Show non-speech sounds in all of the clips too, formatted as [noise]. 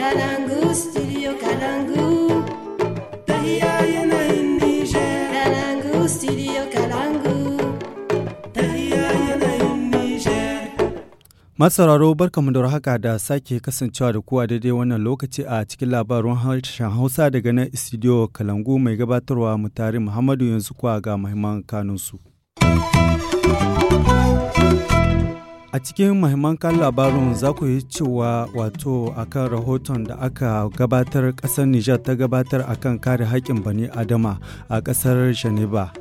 Kalangu, studio Kalangu. da haka da sake kasancewa da kuwa daidai wannan lokaci a cikin labarun harshen Hausa daga nan studio Kalangu mai gabatarwa mutare Muhammadu yanzu kuwa ga mahimman kanunsu. A cikin mahimman kan labarin za ku yi cewa wato akan rahoton da aka gabatar kasar Nijar ta gabatar akan kare haƙƙin bani Adama a ƙasar Geneva.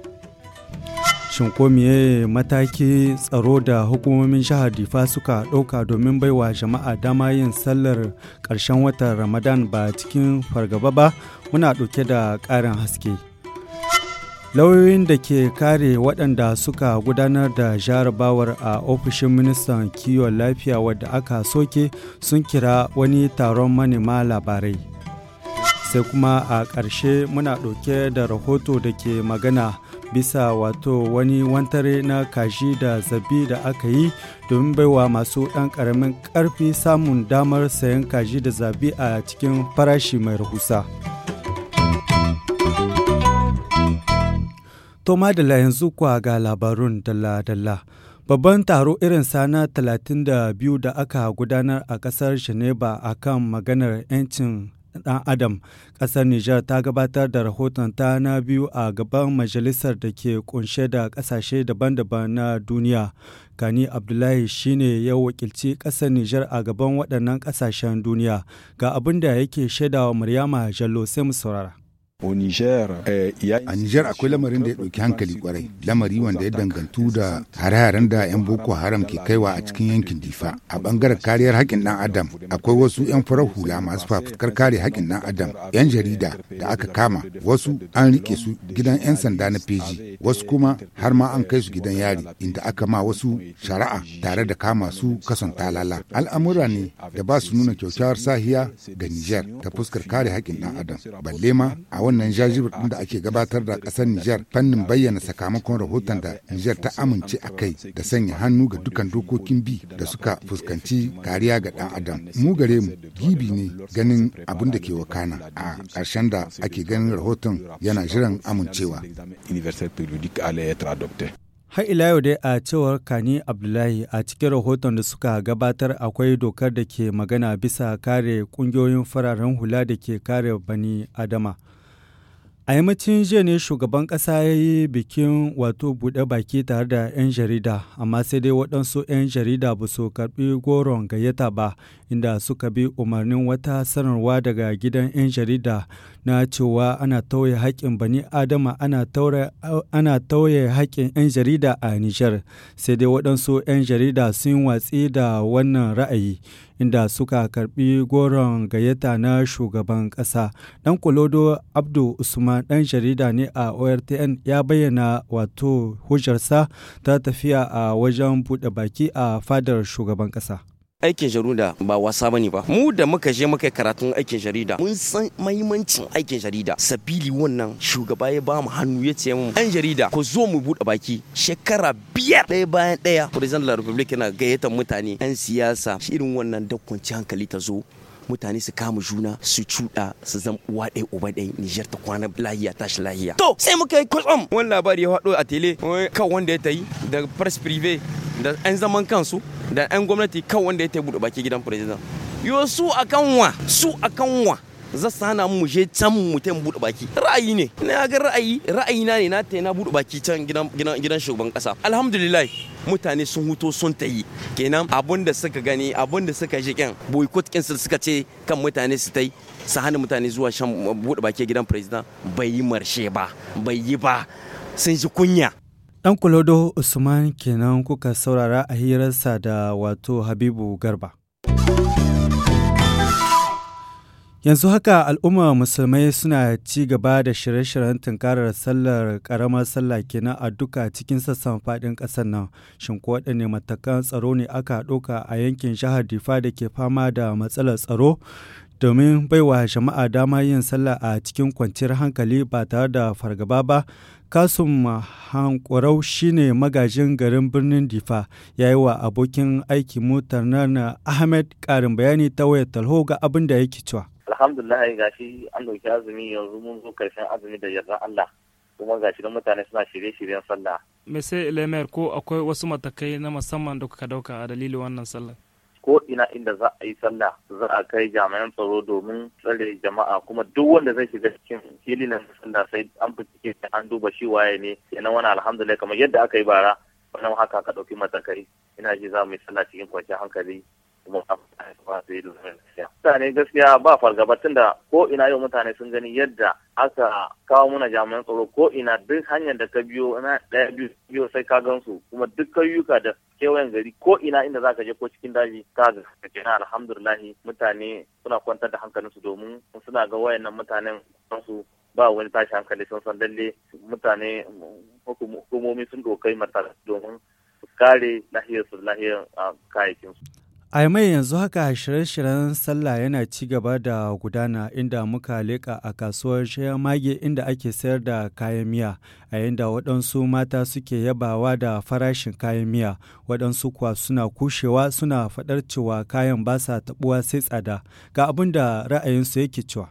Shin ko mataki tsaro da hukumomin jihar Difa suka ɗauka domin baiwa jama'a dama yin sallar ƙarshen watan Ramadan ba cikin fargaba ba muna ɗauke da ƙarin haske. lauyoyin da ke kare waɗanda suka gudanar da jarabawar a ofishin ministan kiwon lafiya wadda aka soke sun kira wani taron manema labarai sai kuma a ƙarshe muna ɗauke da rahoto da ke magana bisa wato wani wantare na kashi da zabi da aka yi domin baiwa masu ɗan ƙaramin ƙarfi samun damar sayan kaji da zabi a cikin farashi mai rahusa. To madalla yanzu kuwa ga labarun dalla-dalla. Babban taro irin sana 32 da aka gudanar a ƙasar Geneva a kan maganar 'yancin ɗan adam ƙasar Nijar ta gabatar da rahoton ta na biyu a gaban majalisar da ke kunshe da ƙasashe daban-daban na duniya. Kani Abdullahi shine ya wakilci ƙasar Nijar a gaban waɗannan ƙasashen duniya. Ga abin da yake shaidawa Maryama Jallo sai mu saurara. Eh, a Nijar akwai lamarin da ya ɗauki hankali kwarai, lamari wanda ya dangantu da hare-haren da 'yan Boko Haram ke kaiwa a cikin yankin Difa. A bangaren kariyar haƙƙin ɗan Adam, akwai wasu 'yan farar hula masu fafutukar kare haƙƙin ɗan Adam, 'yan jarida da aka kama, wasu an rike su gidan 'yan sanda na feji, wasu kuma har ma an kai su gidan yari, inda aka ma wasu shari'a tare da kama su kasan talala. Al'amura ne da ba su nuna kyaukyawar sahiya ga Nijar ta fuskar kare haƙƙin ɗan Adam, balle ma a wannan jajibir da ake gabatar da ƙasar Nijar fannin bayyana sakamakon rahoton da Nijar ta amince a kai da sanya hannu ga dukkan dokokin bi da suka fuskanci kariya ga ɗan adam. Mu gare mu gibi ne ganin abin da ke wakana a karshen da ake ganin rahoton yana jiran amincewa. Har ila yau dai a cewar Kani Abdullahi a cikin rahoton da suka gabatar akwai dokar da ke magana bisa kare kungiyoyin fararen hula da ke kare bani Adama. A yammacin jiya ne shugaban kasa ya yi bikin wato buɗe baki tare da 'yan jarida, amma sai dai waɗansu 'yan jarida ba su karɓi goron gayyata ba, inda suka bi umarnin wata sanarwa daga gidan 'yan jarida na cewa ana tauye haƙƙin bani adama ana tauye haƙƙin 'yan jarida a Nijar sai dai waɗansu 'yan jarida sun watsi da wannan ra'ayi inda suka karbi goron gayyata na shugaban ƙasa ɗan kolodo abdu usman ɗan jarida ne a ortn ya bayyana wato hujjarsa ta tafiya a wajen buɗe baki a fadar shugaban ƙasa aikin jarida ba wasa bane ba mu da muka je muka karatun aikin jarida mun san mahimmancin aikin jarida sabili wannan shugaba ya ba mu hannu ya ce mu an jarida ko zo mu bude baki shekara biyar ɗaya bayan ɗaya president la republic yana gayyatar mutane yan siyasa irin wannan dakwanci hankali ta zo mutane su kama juna su cuɗa su zan uwa ɗaya uba ɗaya Nijar ta kwana lahiya tashi lahiya. To sai muka yi kwatsam wani labari ya haɗo a tele kan wanda ya tayi da press privé da 'yan zaman kansu da 'yan gwamnati kan wanda ya buɗe baki gidan president yo su kan wa su a kan wa za su hana mu je can mu ta buɗe baki ra'ayi ne na ga ra'ayi ra'ayi na ne na ta na buɗe baki can gidan gidan gidan shugaban kasa alhamdulillah mutane sun huto sun ta yi kenan abun da suka gani abun da suka ji kyan boycott kin su suka ce kan mutane su ta yi su hana mutane zuwa shan buɗe baki gidan president bai yi marshe ba bai yi ba sun ji kunya Ɗan Kulodo Usman kenan kuka saurara a hirarsa da wato Habibu Garba. Yanzu haka al'umma musulmai suna ci gaba da shirye-shiryen tunkarar sallar ƙaramar sallah kenan a duka cikin sassan faɗin ƙasar nan. Shin ko waɗanne matakan tsaro ne aka ɗauka a yankin jihar Difa da ke fama da matsalar tsaro? domin baiwa jama'a dama yin sallah a cikin kwanciyar hankali ba tare da fargaba ba kasum hankurau shine magajin garin birnin difa ya yi wa abokin aiki motar nan ahmed karin bayani ta waya talho ga abin da yake cewa alhamdulillah gashi an dauki azumi yanzu mun zo karshen azumi da yarda allah kuma ga shi mutane suna shirye-shiryen sallah me sai ko akwai wasu matakai na musamman da kuka dauka a dalilin wannan sallah ko ina inda za a yi sallah za a kai jami'an tsaro domin tsare jama'a kuma duk wanda zai shiga cikin filin sallah sai an bincike an duba shi waye ne kenan wani alhamdulillah kamar yadda aka yi bara wannan haka ka ɗauki matakai ina ji za mu yi sallah cikin kwanciyar hankali kuma mutane gaskiya ba fargabatun da ko ina yau mutane sun gani yadda aka kawo muna jami'an tsaro ko ina duk hanyar da ka biyo na daya biyu biyo sai ka gansu kuma duk kayyuka da kewayen gari ko ina inda zaka je ko cikin daji ka ga kake na alhamdulillahi mutane suna kwantar da hankalinsu domin suna ga wayannan mutanen su ba wani tashi hankali sun san lalle mutane hukumomi sun dokai mata domin kare lahiyarsu lahiyar ah, kayayyakinsu. A mai yanzu haka shirye-shiryen sallah yana ci gaba da gudana inda muka leƙa a kasuwar shayar mage inda ake sayar da kayan miya, a inda waɗansu mata suke yabawa da farashin kayan miya, waɗansu kuwa suna kushewa suna faɗar cewa kayan ba sa taɓuwa sai tsada, ga abin da ra'ayinsu yake cewa.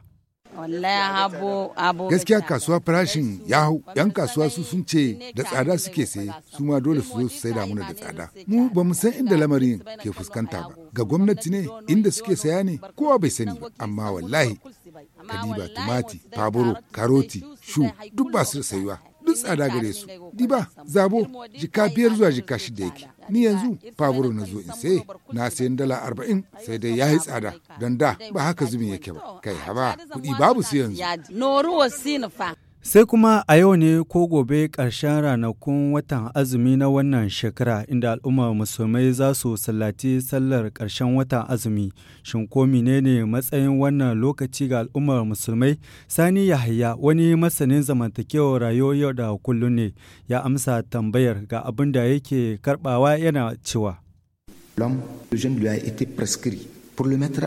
gaskiya kasuwa farashin ya hau yan kasuwa su sun ce da tsada suke saye su ma dole su zo su saida muna da tsada mu ba mu san inda lamarin ke fuskanta ba ga gwamnati ne inda suke saya ne kowa bai sani ba amma wallahi kadiba tumati faburo karoti shu duk ba su sayuwa duk tsada gare su diba zabo jika biyar zuwa jika shida yake ni yanzu babur na zo in sai na sayan dala arba'in sai dai ya yi tsada don da ba haka zubin yake ba kai haba kuɗi babu su yanzu Sai kuma a yau ne ko gobe ƙarshen ranakun watan azumi na wannan shekara inda al'ummar musulmai za su sallaci sallar ƙarshen watan azumi. Shin ko menene matsayin wannan lokaci ga al'ummar musulmai? Sani Yahaya wani masanin zamantakewa rayuwar da kullum ne ya amsa tambayar ga abin da yake karɓawa yana cewa.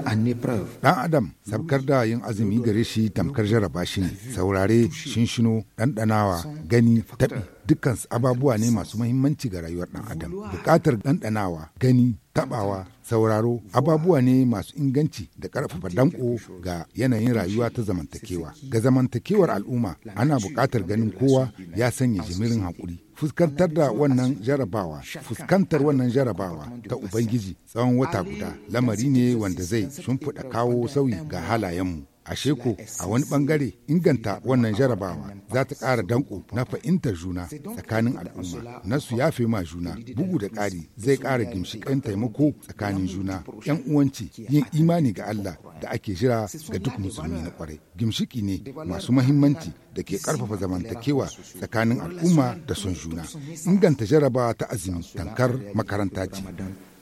en épreuve. Dan Adam sabkar da yin azumi gare shi tamkar jaraba shi ne, saurare, shinshino, ɗanɗanawa, gani, taɓi. dukkan ababuwa ne masu mahimmanci ga rayuwar ɗan adam bukatar ɗanɗanawa gani tabawa sauraro ababuwa ne masu inganci da ƙarfafa danko ga yanayin rayuwa ta zamantakewa ga zamantakewar al'umma ana buƙatar ganin kowa ya sanya jimirin haƙuri fuskantar da wannan jarabawa fuskantar wannan jarabawa ta ubangiji tsawon wata guda lamari ne wanda zai shimfiɗa kawo sauyi ga halayenmu a ko a wani bangare inganta wannan jarabawa za ta ƙara danko na fahimtar juna tsakanin al'umma nasu ya fi ma juna bugu da ƙari zai ƙara ginshiƙan taimako tsakanin juna yan uwanci yin imani ga Allah da ake jira ga duk musulmi na kwarai gimshiki ne masu mahimmanci da ke karfafa zamantakewa tsakanin al'umma da son juna inganta jarabawa ta azumi tankar makaranta ce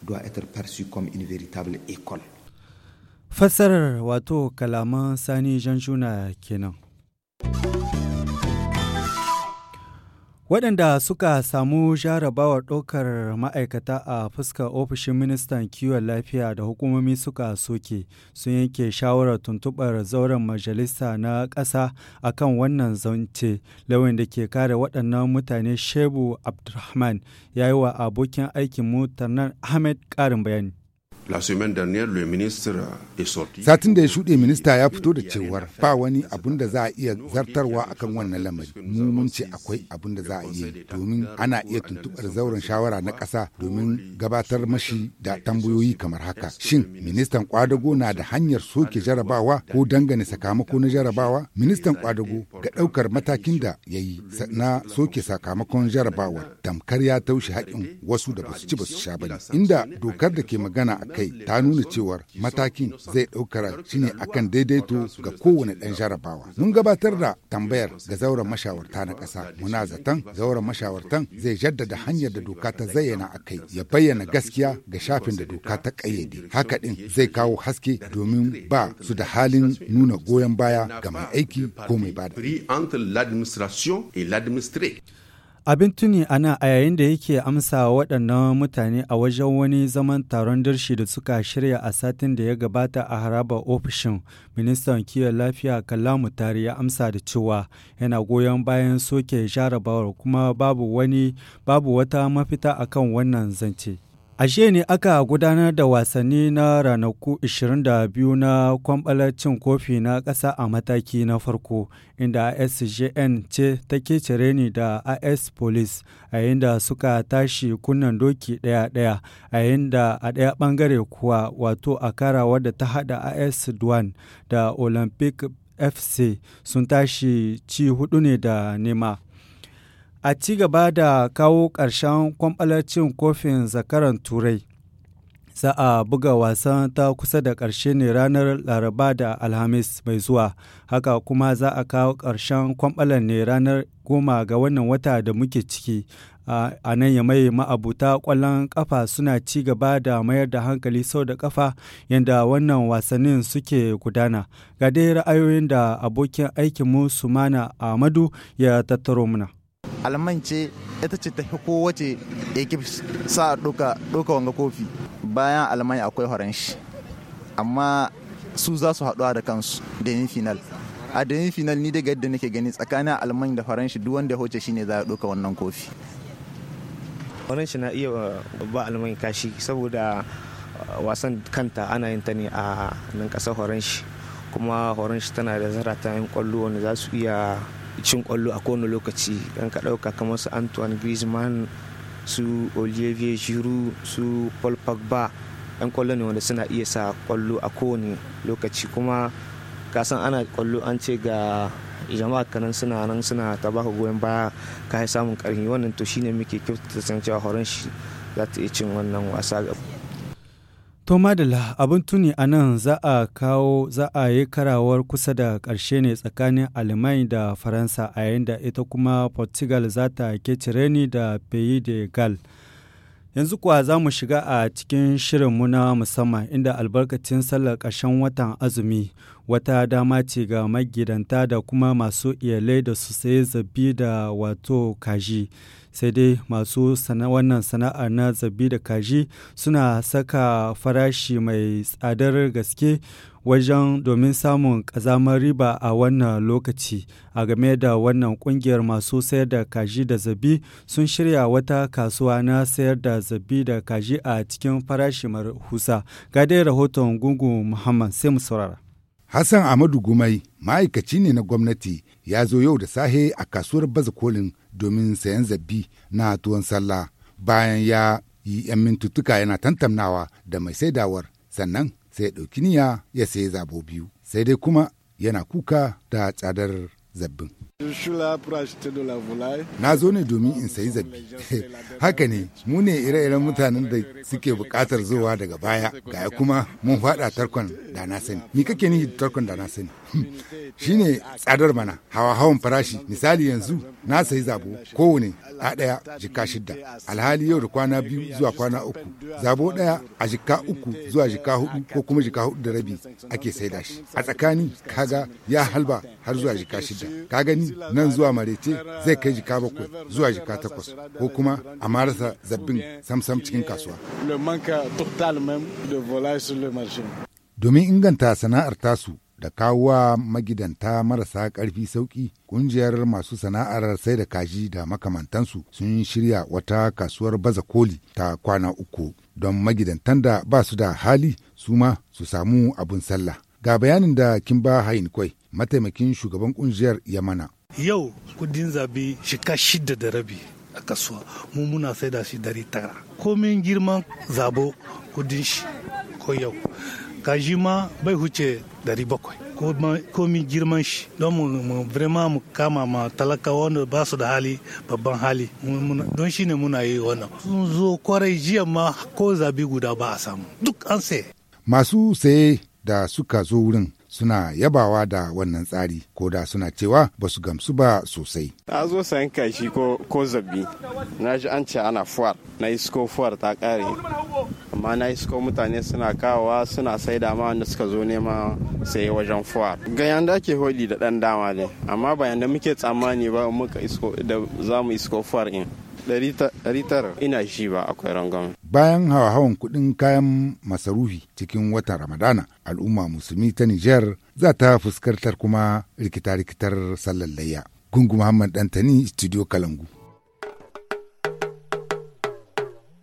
doit être perçu comme une Fassarar wato kalaman Sani Janshuna kenan. Waɗanda suka samu jarabawar ɗaukar ma'aikata a fuskar ofishin ministan kiwon lafiya da hukumomi suka soke sun yanke shawarar tuntuɓar zauren majalisa na ƙasa a kan wannan zance lauyan da ke kare waɗannan mutane shebu abdulrahman ya yi wa abokin aikin mutanen ahmed ƙarin bayani Satin da ya shuɗe minista ya fito da cewar ba wani abun da za a iya zartarwa akan wannan lamari. Mu mun ce akwai abun da za a iya domin ana iya tuntuɓar zauren shawara na ƙasa domin gabatar mashi da tambayoyi kamar haka. Shin ministan kwadago na da hanyar soke jarabawa ko dangane sakamako na jarabawa? Ministan kwadago ga ɗaukar matakin da ya yi na soke sakamakon jarabawa tamkar ya taushe haƙƙin wasu da basu ci basu sha ne Inda dokar da ke magana a kai ta nuna cewar matakin zai ɗaukar shine akan daidaito ga kowane ɗan jarabawa. Mun gabatar da tambayar ga zauren mashawarta na ƙasa. Muna zaton zauren mashawartan zai jaddada hanyar da doka ta zayyana a kai ya bayyana gaskiya ga shafin da doka ta ƙayyade. Haka ɗin zai kawo haske domin ba su da halin nuna goyon baya ga mai aiki ko mai bada. Abin tuni a nan a yayin da yake amsa waɗannan mutane a wajen wani zaman taron dirshi da suka shirya a satin da ya gabata a haraba ofishin ministan kiwon lafiya Kallamu Tari ya amsa da cewa yana goyon bayan soke jarabawar kuma babu wani babu wata mafita akan wannan zance. A jiya ne aka gudanar da wasanni na ranaku 22 na kwamɓalar cin kofi na ƙasa a mataki na farko, inda ASJN ce ta cire ni da AS Police a inda suka tashi kunnan doki ɗaya-ɗaya, a da a ɗaya ɓangare kuwa wato a kara wadda ta hada AS Duan da Olympic FC sun tashi ci hudu ne da nema. a ci gaba da kawo ƙarshen kwamɓalacin cin kofin zakaran turai za a buga wasan ta kusa da ƙarshe ne ranar laraba da alhamis mai zuwa haka kuma za a kawo ƙarshen kwamɓalar ne ranar goma ga wannan wata da muke ciki a nan ya mai ma'abuta ƙwallon ƙafa suna ci gaba da mayar da hankali sau da ƙafa yadda wannan wasannin suke gudana ga dai ra'ayoyin da abokin aikinmu sumana ahmadu ya tattaro muna alman ce ita ce ta kowace ekip sa a doka wanga kofi bayan alman akwai shi amma su za su haɗuwa da kansu yin final a yin final ni daga yadda nake gani tsakanin alman da faranshi duk wanda ya hoce shine za a doka wannan kofi shi na iya uh, ba alman kashi saboda uh, wasan kanta ana yin ta ne a nan ƙasar shi kuma shi tana da zara ta yin kwallo wani za su iya cin kwallo a kowane lokaci yan ka dauka kamar su antoine griezmann su olivier giroud su paul pogba yan kwallo ne wanda suna iya sa kwallo a kowane lokaci kuma kasan ana kwallo an ce ga jama'a kanan suna nan suna ta baka goyon baya ka samun karfi wannan to shine muke kyautata san cewa horon shi za ta iya cin wannan wasa gaba To Madalla abin tuni a nan za a kawo za a yi karawar kusa da ƙarshe ne tsakanin Alemai da Faransa a yayin da ita kuma Portugal za ta cire ni da Pays de Gal. Yanzu kuwa za mu shiga a cikin shirinmu na musamman inda albarkacin sallar ƙarshen watan azumi wata dama ce ga magidanta da kuma masu iyalai da su sayi zabi da wato kaji. sai dai masu wannan sana'a na zabi da kaji suna saka farashi mai tsadar gaske wajen domin samun ƙazamar riba a wannan lokaci a game da wannan kungiyar masu sayar da kaji da zabi sun shirya wata kasuwa na sayar da zabi da kaji a cikin farashi husa ga dai rahoton gungun muhammad sai mu saurara Hassan Ahmadu Gumai ma'aikaci ne na gwamnati ya zo yau da sahe a kasuwar baza kolin domin sayan zabbi na tuwon sallah bayan ya yi 'yan mintuttuka yana tantamnawa da mai saidawar sannan sai ya ɗauki niyya ya sayi zabo biyu sai dai kuma yana kuka da tsadar zabbin. Na zo ne domin in sayi zabi. [laughs] Haka ne, mu ne ire-iren mutanen da suke buƙatar zowa daga baya, ga kuma mun faɗa tarkon da na sani. Ni kake ni tarkon da na sani? shine tsadar mana hawa hawan farashi misali yanzu na sayi zabo kowane a daya jika shidda alhali yau da kwana biyu zuwa kwana uku zabo ɗaya a jika uku zuwa jika hudu ko kuma jika hudu da rabi ake saida shi a tsakani kaga ya halba har zuwa jika shidda ka gani nan zuwa marece zai kai jika bakwai zuwa jika takwas ko kuma a marasa zabbin samsam cikin kasuwa domin inganta sana'ar tasu da kawowa magidanta marasa ƙarfi sauƙi ƙungiyar masu sana'ar sai da kaji da makamantansu sun shirya wata kasuwar baza koli ta kwana uku don magidantan da ba su da hali su ma su samu abun sallah ga bayanin da kin ba hain kwai mataimakin shugaban ƙungiyar mana. yau kudin zabi shika shida da rabi a kasuwa mu muna sai da shi dari tara komin girman zabo kudin shi ko yau kaji bai huce dari ko komi girman shi don mu vraiment mu kama ma talaka wanda ba su da hali babban hali don shi ne muna yi wannan sun zo kwarai jiya ma ko zabi guda ba a samu duk an sai masu saye da suka zo wurin suna yabawa da wannan tsari ko da suna cewa ba su gamsu ba sosai. Na zo sayan kashi ko zabi na ji an ce ana fuwar na isko fuwar ta kare amma na isko mutane suna kawowa suna sai da ma wanda suka zo nema sai wajen fuwar. Ga yanda ake holi da dan dama ne amma bayan da muke tsammani ba muka isko da za mu isko fuwar in. 900 ina shi ba akwai rangon. Bayan hawa-hawan kuɗin kayan masarufi cikin wata Ramadana, al'umma musulmi ta Nijar za ta fuskantar kuma rikita-rikitar sallar layya. Gungu Muhammad Dantani, Studio Kalangu.